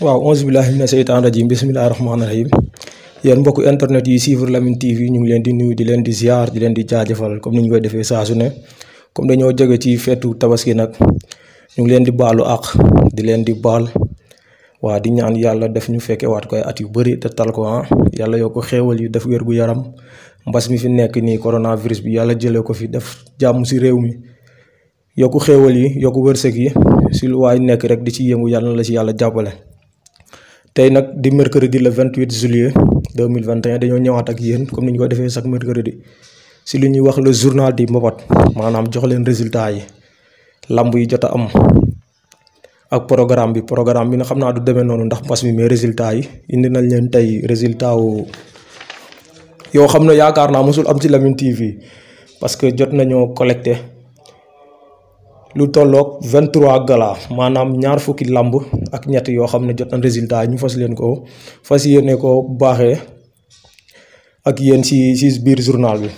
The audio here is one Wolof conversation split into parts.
waaw onze billahi mina seytaan rajim bismillahi rahmaani rahim yéen mbokk internet yi suivre Lamyn TV ñu ngi leen di nuyu di leen di jaar di leen di jaajëfal comme ni ñu koy defee saa su ne comme dañoo jege ci feetu tabaski nag ñu ngi leen di baalu àq di leen di baal waa di ñaan yàlla def ñu fekke waat koy at yu bëri te tal ko ah. yàlla yoo ko xéewal yu def wér gu yaram mbas mi fi nekk nii coronavirus bi yàlla jëlee ko fi def jàmm si réew mi yokku xéewal yi yokku wërsëg yi si lu waay nekk rek di ci yëngu yàlla la ci yàlla jàppale tey nag di mercredi le mille vingt 2021 dañoo ñëwaat ak yéen comme ni ñu ko defee chaque mercredi si lu ñuy wax le journal di mbapat maanaam jox leen résultat yi làmb yi jot a am ak programme bi programme bi na xam naa du demee noonu ndax mbas mi mais résultat yi indi nañ leen tey résultat wu yoo xam ne yaakaar naa mosul am ci Lamyn TV parce que jot nañoo collecté lu tolloog vingt trois gala maanaam ñaar fukki làmb ak ñett yoo xam ne jot na résultat ñu fas leen ko fas yéene ko baaxee ak yéen si si biir journal bi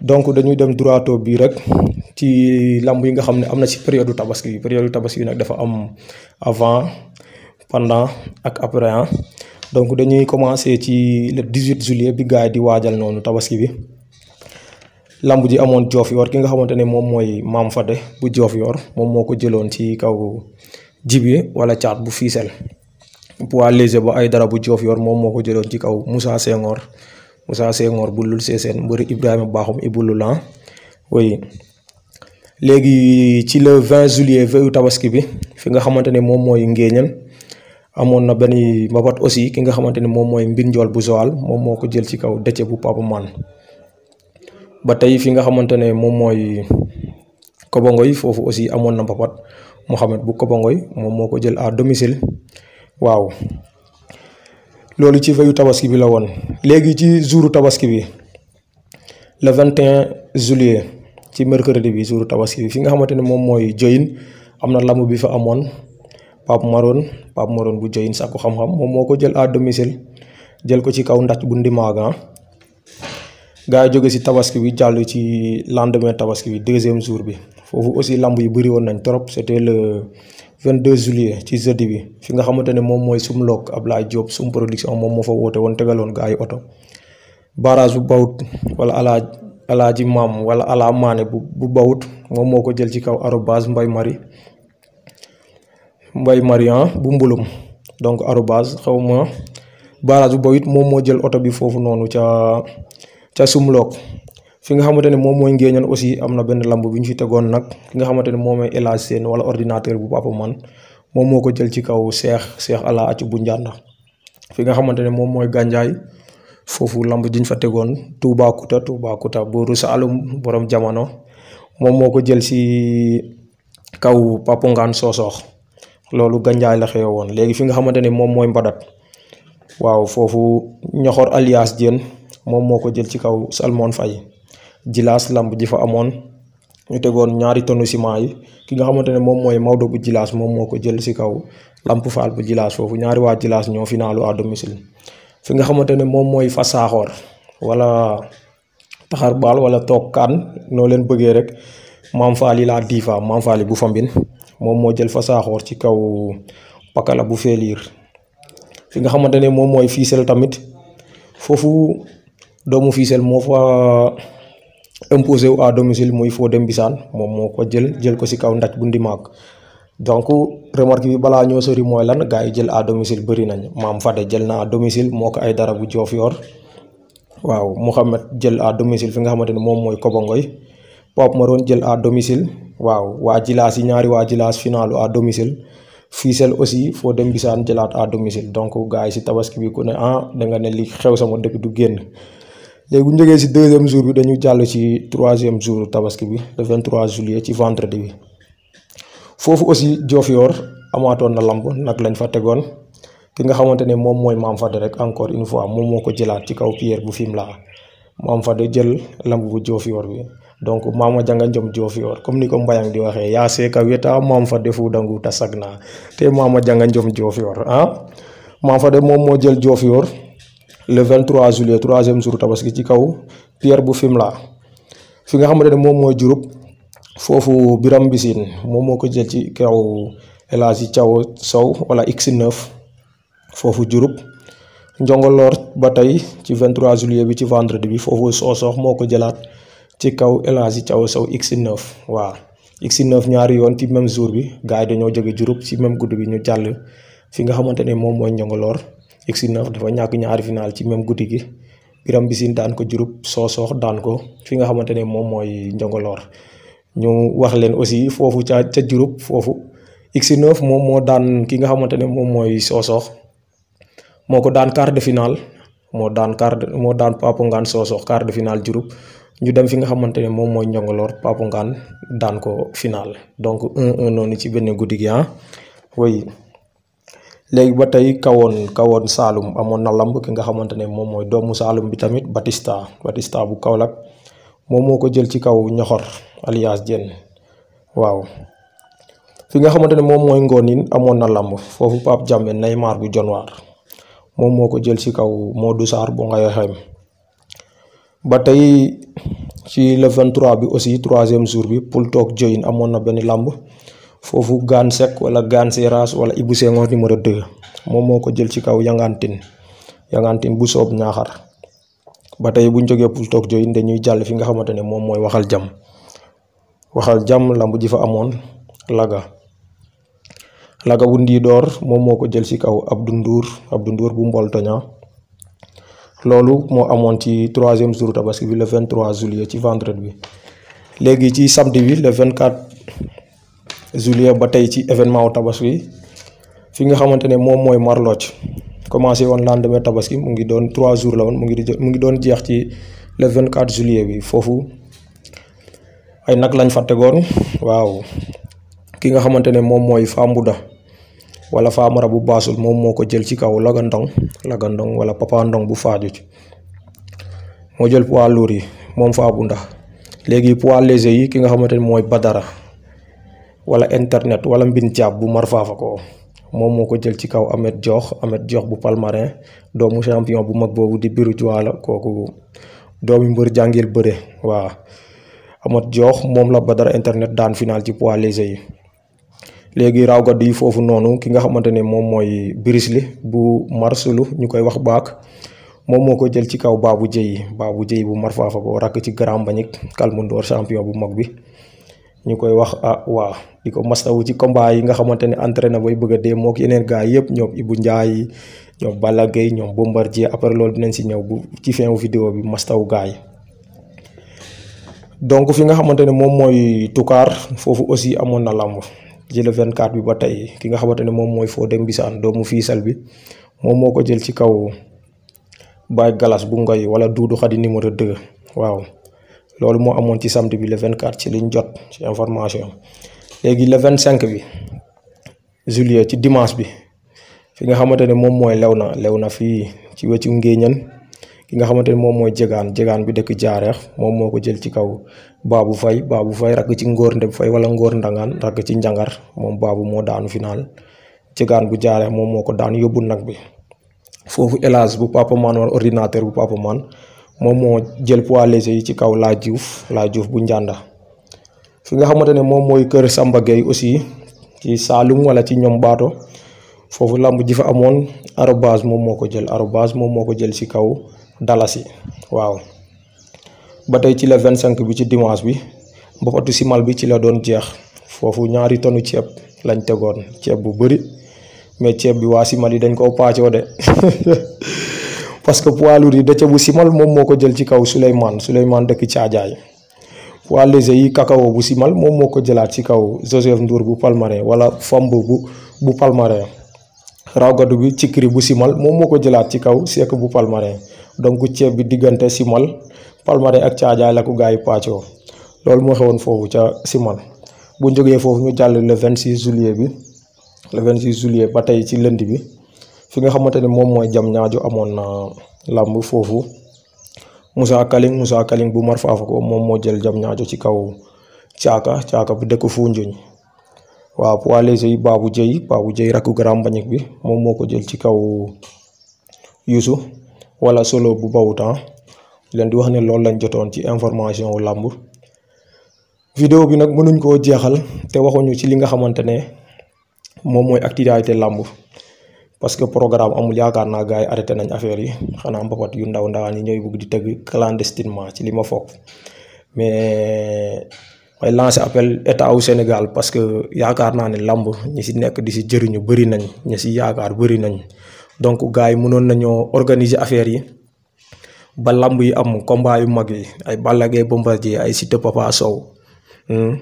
donc dañuy dem droito bii rek ci làmb yi nga xam ne am na si période tabaski période tabaski nag dafa am avant pendant ak après ah. donc dañuy commencer ci le 18 juillet bi gars yi di waajal noonu tabaski bi lamb ji amoon joof yor ki nga xamante ne moom mooy maam Fade bu joof yor moom moo ko jëloon ci kaw jibi wala caat bu fiisel poids léger ba ay dara bu joof yor moom moo ko jëloon ci kaw Moussa Senghor Moussa Senghor bu lul seeseen mbëri Ibrahima Bakhoum ibulu lan oui léegi ci le 20 juillet veillu tabaski bi fi nga xamante ne moom mooy ngéeñan amoon na benn mbapat aussi ki nga xamante ne moom mooy mbir njool bu Joal moom moo ko jël ci kaw dëcce bu Papa Man ba tey fi nga xamante ne moom mooy Kobangoy foofu aussi amoon na mbapat Mouhamed bu Kobangoy moom moo ko jël à domicile waaw loolu ci veyu tabaski bi la woon léegi ci jouru tabaski bi le 21 juillet ci mercredi bi jouru tabaski bi fi nga xamante ne moom mooy joyin am na lamb bi fa amoon Pape Maroon Pape Maroon bu joyin sàkku xam-xam moom moo ko jël à domicile jël ko ci kaw ndax bu ndimaagan gaa yi jóge si tabaski bi jàll ci lendemain tabaski bi deuxième jour bi foofu aussi lamb yi bëri woon nañ trop c'était le 22 juillet ci jeudi bi fi nga xamante ne moom mooy sum loog Ablaye Diop sum production moom moo fa woote woon tegaloon gaa yi oto barrage bu bawut wala alaa alaaji maam wala alaa maane bu bu bawut moom moo ko jël ci kaw arobase mbay mari mbay marian ah, bu mbulum donc arobase xaw ma bu bawut moom moo jël oto bi foofu noonu ca ca Sumloog fi nga xamante ne moom mooy ngéeñan aussi am na benn lamb bi ñu fi tegoon nag ki nga xamante ne moom mooy El Hadj bu papa man moom moo ko jël ci kaw Cheikh Cheikh Ala Acu bu Njanda fi nga xamante ne moom mooy gànjaay foofu lamb jiñ fa tegoon Toubacouta Toubacouta booru Saalum boroom jamono moom moo ko jël si kaw Papu Ngaan Soosoox loolu gànjaay la xewoon léegi fi nga xamante ne moom mooy mbadat waaw foofu ñoxor alias Diène moom moo ko jël ci kaw Salmon Faye jilaas lamb ji fa amoon ñu tegoon ñaari tonu ciment yi ki nga xamante ne moom mooy Maodo bu jilaas moom moo ko jël si kaw Lamp Fall bu jilaas ñaari waa jilaas ñoo finaalu à domicile fi nga xamante ne moom mooy fa saaxoor wala taxar baal wala toog kaan noo leen bëggee rek Maam Faali laa diifa Maam Faali bu Fambine moom moo jël fa saaxoor ci kaw pakala bu feeliir fi nga xamante ne moom mooy fiisel tamit foofu doomu Fissel moo fa euh, imposé wu à domicile muy dem Mbissane moom moo ko jël jël ko si kaw ndaj bu ndimaak donc remarque bi balaa ñoo sori mooy lan gars yi jël à domicile bëri nañ maam Fadé jël na à domicile moo ko ay dara bu joof yor waaw Mouhamed jël à domicile fi nga xamante ni moom mooy Kobongoy Pape Maroon jël à domicile waaw waa Jilaas yi ñaari waa Jilaas finalu à domicile Fissel aussi foo Fodé Mbissane jëlaat à domicile donc gars yi si tabaski bi ku ne ah, da nga ne li xew sama du génn léegi bu ñu jógee si deuxième jour bi dañu jàll ci troisième jour tabaski bi le 23 juillet ci vendredi bi foofu aussi Diofior amaatoon na lamb nag lañ fa tegoon ki nga xamante ne moom mooy Mame Fadé rek encore une fois moom moo ko jëlaat ci kaw Pierre bu Fimela fa Fadé jël lamb bu Diofior bi donc maam mama janga jom Diofior comme ni ko mbayang di waxee yaa seeka weta Mame Fadé fu dangu tasag naa te mama janga jom Diofior ah Mame Fadé moom moo jël Diofior le 23 juillet troisième jour tabaski ci kaw pierre bu Fimela fi nga xamante ne moom mooy Diouroup foofu biram Mbissine moom moo ko jël ci kaw El Hadji Sow wala X9 foofu Diouroup njongoloor ba tey ci 23 juillet bi ci vendredi bi foofu soosoox moo ko jëlaat ci kaw El Hadji Thiaw Sow X9 waaw x ñaari yoon ci même jour bi gars yi dañoo jóge Diouroup ci même guddi bi ñu jàll fi nga xamante ne moom mooy njongoloor X9 dafa ñàkk ñaari final ci même guddi gi Birame Mbissine daan ko Diouroup Sossokh daan ko fi nga xamante ne moom mooy Njongoloor ñu wax leen aussi foofu ca ca Diouroup foofu X9 moom moo daan ki nga xamante ne moom mooy Sossokh moo ko daan quart de finale moo daan quart de moo daan Paponguane Sossokh quart de finale Diouroup ñu dem fi nga xamante ne moom mooy Njongoloor Paponguane daan ko final donc 1-1 noonu ci benn guddi gi ah oui léegi ba tey kawoon kawoon Saalum amoon na làmb ki nga xamante ne moom mooy doomu Saalum bi tamit Batista Batista bu Kaolack moom moo ko jël ci kaw ñoxor alias Dieng waaw fi nga xamante ne moom mooy ngoon yi amoon na lamb foofu Pape Diame Neymar bu Jonwaar moom moo ko jël ci kaw Modou Sarr bu Ngaye Xem ba tey ci le 23 bi aussi troisième jour bi Poul Toog Joyin amoon na benn làmb foofu Gane Seck wala Gane Seras wala Ibou Senghor numéro 2 moom moo ko jël ci kaw Yangantin Yangantin bu soob ñaaxar ba tey buñ jógee pour toog jooyin dañuy jàll fi nga xamante ne moom mooy waxal jàmm waxal jàmm lamb ji fa amoon laga laga bu ndii door moom moo ko jël ci kaw Abdou Ndour Abdou Ndour bu mboltoña loolu moo amoon ci troisième jour tabaski bi le 23 juillet ci vendredi bi léegi ci samedi bi le 24 juillet ba tey ci événement wu tabaski fi nga xamante ne moom mooy marlooc commencé woon lendemain tabaski mu ngi doon trois jours la woon mu ngi di mu ngi doon jeex ci le vingt quatre juillet bi foofu ay nag lañ fa tegoon waaw ki nga xamante ne moom mooy Faa Mbuda wala Faa bu baasul moom moo ko jël ci kaw lagandong lagandong wala Papa Ndong bu Faajuj moo jël poids lourd yi moom Faa Bunda léegi poids léger yi ki nga xamante ne mooy Badara wala internet wala mbin jaab bu Marfaafa ko moom moo ko jël ci kaw Amet Jox Amet Jox bu Palmarin doomu champion bu mag boobu di biru Joala kooku doomi mbër jàngil bëre waaw Amet Jox moom la Badara internet daan final ci poids léger yi léegi raw gàddu yi foofu noonu ki nga xamante ne moom mooy Brisli bu marsulu ñu koy wax baak moom moo ko jël ci kaw Babou Dieye Babou Dieye bu Marfaafa ko rakk ci Grand Mbagnick Kalmundoor champion bu mag bi ñu koy wax ah waa di ko masawu ci combat yi nga xamante ne na bay bëgg a dee mook yeneen gars yëpp ñoom Ibou Ndiaye ñoom Balla Gaye ñoom Bombardier après loolu dinañ si ñëw bu ci fin wu vidéo bi mastawu gars yi donc fi nga xamante ne moom mooy tukaar foofu aussi amoon na làmb jël 24 bi ba tey ki nga xamante ne moom mooy foo Fodé Mbissane doomu fiisal bi moom moo ko jël ci kaw Baye Galas bu ngoy wala Doudou Khady numéro 2 waaw loolu moo amoon ci samedi bi le vingt quatre ci liñ jot ci information léegi la vingt cinq bi juillet ci dimaas bi fi nga xamante ne moom mooy lew na lew na fii ci wéccu ngéeñan ki nga xamante ne moom mooy jegaan jegaan bi dëkk jaareex moom moo ko jël ci kaw baabu fay bu fay ragg ci ngóor ndeb fay wala ngóor ndangaan ragg ci njangar moom baabu moo daanu final jegaan bu jaareex moom moo ko daan yóbbu nag bi foofu élage bu papa man ordinateur bu papa man moom moo jël poids léger yi ci kaw laa juuf laa juuf bu njànda fi nga xamante ne moom mooy kër Samba Gueye aussi ci Saalum wala ci ñoom baato foofu làmb ji fa amoon arobase moom moo ko jël arobase moom moo ko jël ci kaw dallasi waaw ba tey ci la 25 bi ci dimanche bi mboppatu simal bi ci la doon jeex foofu ñaari tonu ceeb lañ tegoon ceeb bu bëri mais ceeb bi waa simal yi dañ koo paacoo de parce que poids lourd yi da ca simal moom moo ko jël ci kaw Souleymane Souleymane dëkk Caajaay poids léger yi kakao bu simal moom moo ko jëlaat ci kaw Joseph Ndour bu Palmarin wala Famb bu bu Palmarin rawgadu bi Cikri bu simal moom moo ko jëlaat ci kaw Seck bu Palmarin donc ceeb bi diggante simal Palmarin ak Caajaay la ko gars yi pàccoo loolu moo xewoon foofu ca simal bu ñu jógee foofu ñu jàll le 26 juillet bi le 26 juillet ba tey ci lënd bi. fi nga xamante ne moom mooy jam ñaajo amoon na làmb foofu Moussa Kaling Moussa Kaling bu Mar ko moom moo jël jam ñaajo ci kaw caaka caaka bu dëkk Foundiougne waaw poids léger yi Babou Dieye Babou Dieye rakku Grand Mbagnick bi moom moo ko jël ci kaw Youssou wala solo bu bawutan leen di wax ne loolu lañ jotoon ci information wu làmb vidéo bi nag mënuñ koo jeexal te waxuñu ci li nga xamante ne moom mooy actualité làmb parce que programme amul yaakaar naa gars yi arrêté nañ affaire yi xanaa mbapat yu ndaw ndawaan yi ñooy bugg di tëgg clandestinement ci li ma foog mais may lancer appel état wu Sénégal parce que yaakaar naa ne làmb ñu si nekk di si jëriñu bëri nañ ñu si yaakaar bëri nañ donc gars yi mënoon nañoo organiser affaire yi ba lamb yi am combat yu mag yi ay Balla Gaye Bombardier ay Siteu Papa Sow hmm?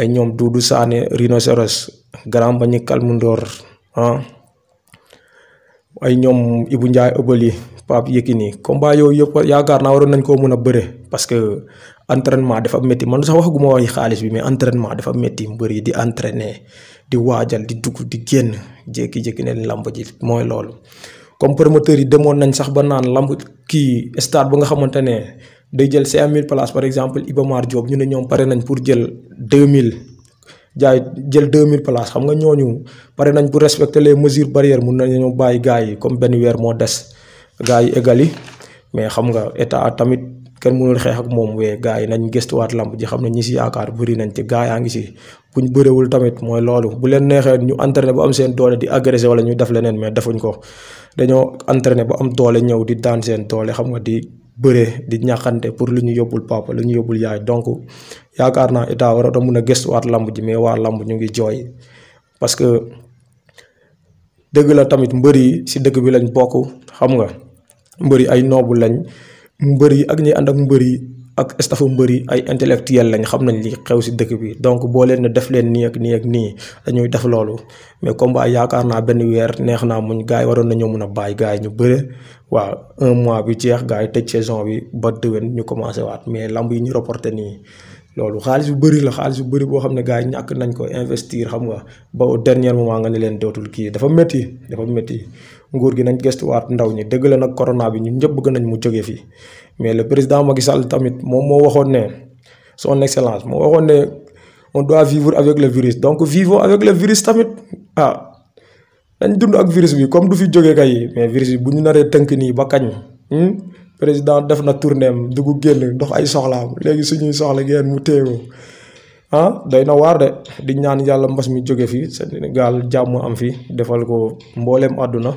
ay ñoom du Sané Rhinocéros Grand Mbagnick Kalmundoor ah ay ñoom Ibou Ndiaye Obali Pape Yekini combat yooyu yëpp yaakaar naa waroon nañ koo mën a bëre parce que entraînement dafa métti man sax waxaguma wax xaalis bi mais entrainement dafa métti mbër yi di entraîner di waajal di dugg di génn jékki-jékki ne lamb ji mooy loolu. comme promoteur yi demoon nañ sax ba naan lamb kii stade ba nga xamante ne day jël 5000 places par exemple Iba Mar Diop ñu ne ñoom pare nañ pour jël mille jaay jël mille places xam nga ñooñu pare nañ pour respecter les mesures barrières mun nañu bàyyi gars yi comme benn weer moo des gars yi égali mais xam nga état tamit kenn mënul xeex ak moom wee gars yi nañ gëstuwaat lamb ji xam ne ñi si yaakaar bëri nañ ci gars yaa ngi si buñ bërewul tamit mooy loolu bu leen neexee ñu entraîné bu am seen doole di agressé wala ñuy def leneen mais defuñ ko dañoo entraîné bu am doole ñëw di daan seen doole xam nga di. bëree di ñaxante pour lu ñu yóbbul papa lu ñu yóbbul yaay donc yaakaar naa état war a mun a gëstuwaat lamb ji mais waa lamb ñu ngi jooy parce que dëgg la tamit mbër yi si dëkk bi lañ bokk xam nga mbër yi ay noobu lañ mbër yi ak ñuy ànd ak mbër yi ak staffu mbër yi ay intellectuel lañ xam nañ li xew si dëkk bi donc boo leen ne def leen nii ak nii ak nii dañuy def loolu mais combat yaakaar naa benn weer neex naa muñ gars yi waroon nañoo mun a bàyyi gaay ñu bëre waaw un mois bi jeex gars yi tëj saison bi ba déwén ñu commencé waat mais lamb yi ñu reporté nii. loolu xaalis bu bëri la xaalis bu bëri boo xam ne gars yi ñàkk nañ ko investir xam nga ba au dernier moment nga ne leen dootul kii dafa métti dafa métti nguur gi nañ gestuwaat ndaw ñi dëgg la nag corona bi ñu ñëpp bëgg nañ mu jógee fii mais le président Macky Sall tamit moom moo waxoon ne son excellence moo waxoon ne on doit vivre avec le virus donc vivons avec le virus tamit ah dañ dund ak virus bi comme du fi jógee kay mais virus bi bu ñu naree tënk nii ba kañ. Hmm? président def na tournée am dugg génn ndox ay soxlaam léegi suñuy soxla geen mu téegoo ah day na waar de di ñaan yàlla mbas mi jóge fii Sénégal jàmm am fi defal ko mbooleem àdduna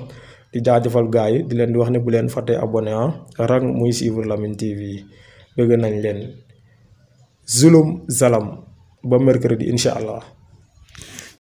di jaajëfal gars yi di leen di wax ne bu leen fàtte abonné ah rang muy suivre Lamyn TV bëgg nañ leen zulum zalam ba mercredi incha allah